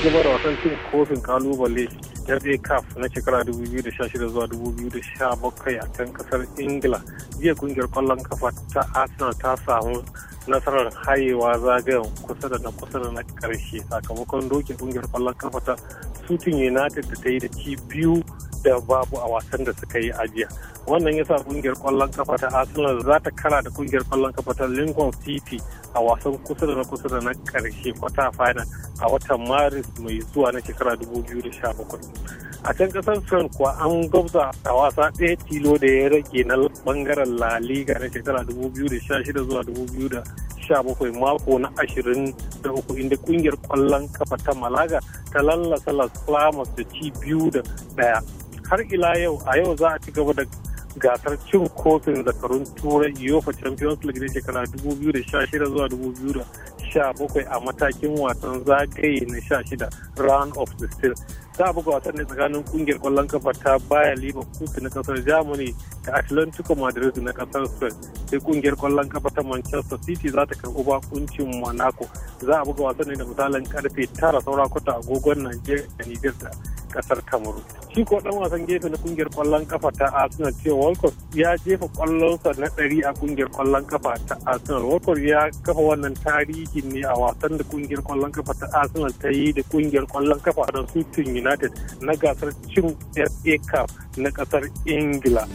gabar da wasan cin kofin kalubale ya zai kaf na shekara 2016 zuwa 2017 a kan kasar ingila jiya kungiyar kwallon kafa ta arsenal ta samu nasarar hayewa zagayen kusa da na kusa da na karshe sakamakon dokin kungiyar kwallon kafa ta sutin united da ta yi da ci biyu da babu a wasan da suka yi ajiya wannan yasa kungiyar kwallon kafa ta arsenal za ta kara da kungiyar kwallon kafa ta lincoln city a wasan kusa da na kusa da na karshe kwata final a watan maris mai zuwa na shekara 2017 a can kasar spain kuwa an gwabza a wasa ɗaya tilo da ya rage na bangaren la liga na shekara 2016 zuwa 2017 mako na 23 inda kungiyar kwallon kafa ta malaga ta lallasa las palmas da ci biyu da ɗaya har ila yau a yau za a ci gaba da gasar cin kofin zakarun turai UEFA Champions League na shekara 2016 zuwa 2017 a matakin wasan zagaye na 16 round of 16 za a buga wasan ne tsakanin kungiyar kwallon kafa ta liba Leverkusen na kasar Germany da Atlantico Madrid na kasar Spain sai kungiyar kwallon kafa ta Manchester City za ta karɓi bakuncin Monaco za a buga wasan ne da misalin karfe tara saura kwata agogon nigeria da da kasar Kamaru. Shi ko dan wasan gefe na kungiyar kwallon kafa ta Arsenal ce Walcott ya jefa kwallonsa na ɗari a kungiyar kwallon kafa ta Arsenal. Walcott ya kafa wannan tarihin ne a wasan da kungiyar kwallon kafa ta Arsenal ta yi da kungiyar kwallon kafa da Sutton United na gasar cin FA Cup na kasar Ingila.